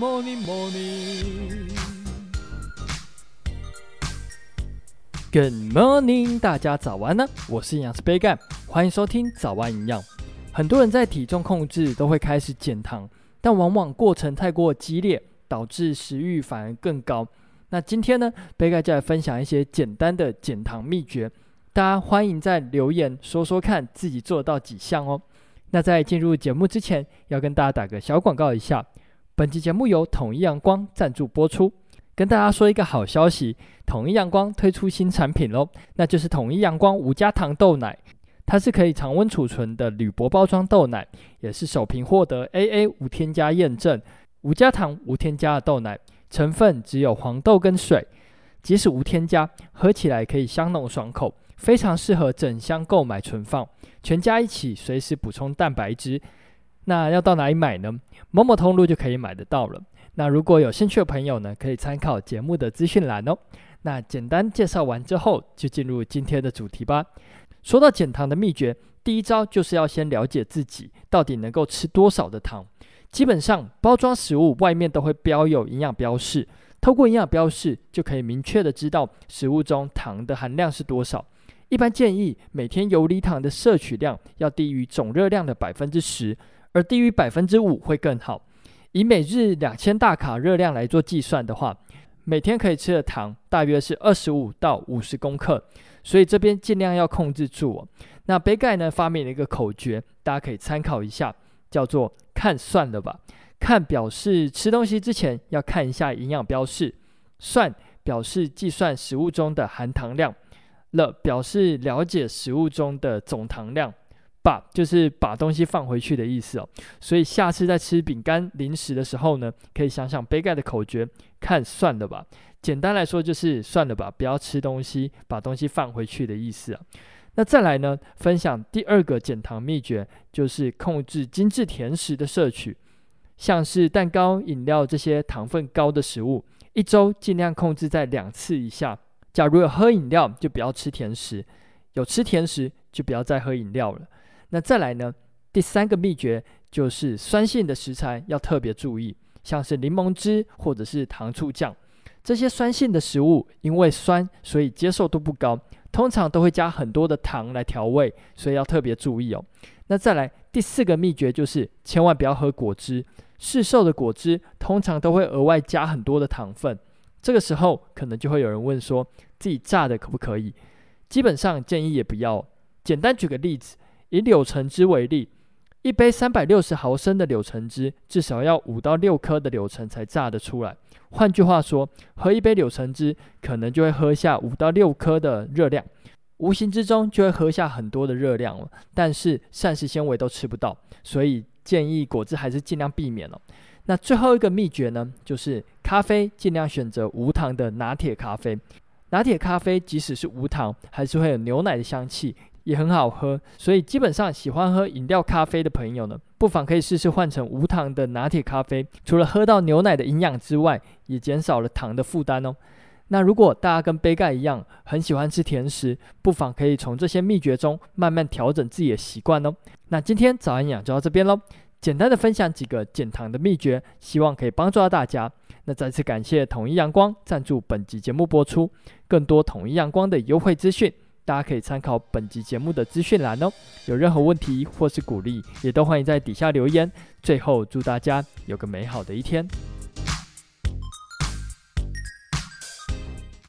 Morning, morning. Good morning，大家早安呢！我是營養師杯蓋，歡迎收聽早安營養。很多人在體重控制都會開始減糖，但往往過程太過激烈，導致食慾反而更高。那今天呢，杯蓋就來分享一些簡單的減糖秘訣，大家歡迎在留言說說看自己做到幾項哦。那在進入節目之前，要跟大家打個小廣告一下。本期節目由統一陽光贊助播出。跟大家說一個好消息，統一陽光推出新產品嘍，那就是統一陽光無加糖豆奶。它是可以常溫儲存的鋁箔包裝豆奶，也是首瓶獲得 AA 無添加驗證、無加糖、無添加的豆奶。成分只有黃豆跟水，即使無添加，喝起來可以香濃爽口，非常適合整箱購買存放，全家一起隨時補充蛋白質。那要到哪裡買呢？MOMO 通路就可以買得到了。那如果有興趣的朋友呢，可以參考節目的資訊欄哦。那簡單介紹完之後，就進入今天的主題吧。說到減糖的秘訣，第一招就是要先了解自己到底能夠吃多少的糖。基本上，包裝食物外面都會標有營養標示，透過營養標示就可以明確的知道食物中糖的含量是多少。一般建議每天游離糖的攝取量要低於總熱量的百分之十。而低於百分之五會更好。以每日兩千大卡熱量來做計算的話，每天可以吃的糖大約是二十五到五十公克，所以這邊盡量要控制住哦。那杯蓋呢發明了一個口訣，大家可以參考一下，叫做“看算了吧”。看表示吃東西之前要看一下營養標示，算表示計算食物中的含糖量，了表示了解食物中的總糖量。把就是把東西放回去的意思哦，所以下次在吃餅乾零食的時候呢，可以想想杯蓋的口訣，看算了吧。簡單來說就是算了吧，不要吃東西，把東西放回去的意思啊。那再來呢，分享第二個減糖秘訣，就是控制精致甜食的攝取，像是蛋糕、飲料這些糖分高的食物，一周儘量控制在兩次以下。假如有喝飲料，就不要吃甜食；有吃甜食，就不要再喝飲料了。那再來呢？第三個秘訣就是酸性的食材要特別注意，像是檸檬汁或者是糖醋醬，這些酸性的食物因為酸，所以接受度不高，通常都會加很多的糖來調味，所以要特別注意哦。那再來第四個秘訣就是千萬不要喝果汁，市售的果汁通常都會額外加很多的糖分。這個時候可能就會有人問說，自己榨的可不可以？基本上建議也不要哦。簡單舉個例子。以柳橙汁為例，一杯三百六十毫升的柳橙汁，至少要五到六顆的柳橙才榨得出來。換句話說，喝一杯柳橙汁，可能就會喝下五到六顆的熱量，無形之中就會喝下很多的熱量了。但是膳食纖維都吃不到，所以建議果汁還是盡量避免了哦。那最後一個秘訣呢，就是咖啡盡量選擇無糖的拿鐵咖啡。拿鐵咖啡即使是無糖，還是會有牛奶的香氣。也很好喝，所以基本上喜歡喝飲料咖啡的朋友呢，不妨可以試試換成無糖的拿鐵咖啡。除了喝到牛奶的營養之外，也減少了糖的負擔哦。那如果大家跟杯蓋一樣很喜歡吃甜食，不妨可以從這些秘訣中慢慢調整自己的習慣哦。那今天早安營養就到這邊嘍，簡單的分享幾個減糖的秘訣，希望可以幫助到大家。那再次感謝統一陽光贊助本集節目播出，更多統一陽光的優惠資訊。大家可以參考本集節目的資訊欄哦。有任何問題或是鼓勵，也都歡迎在底下留言。最後祝大家有個美好的一天。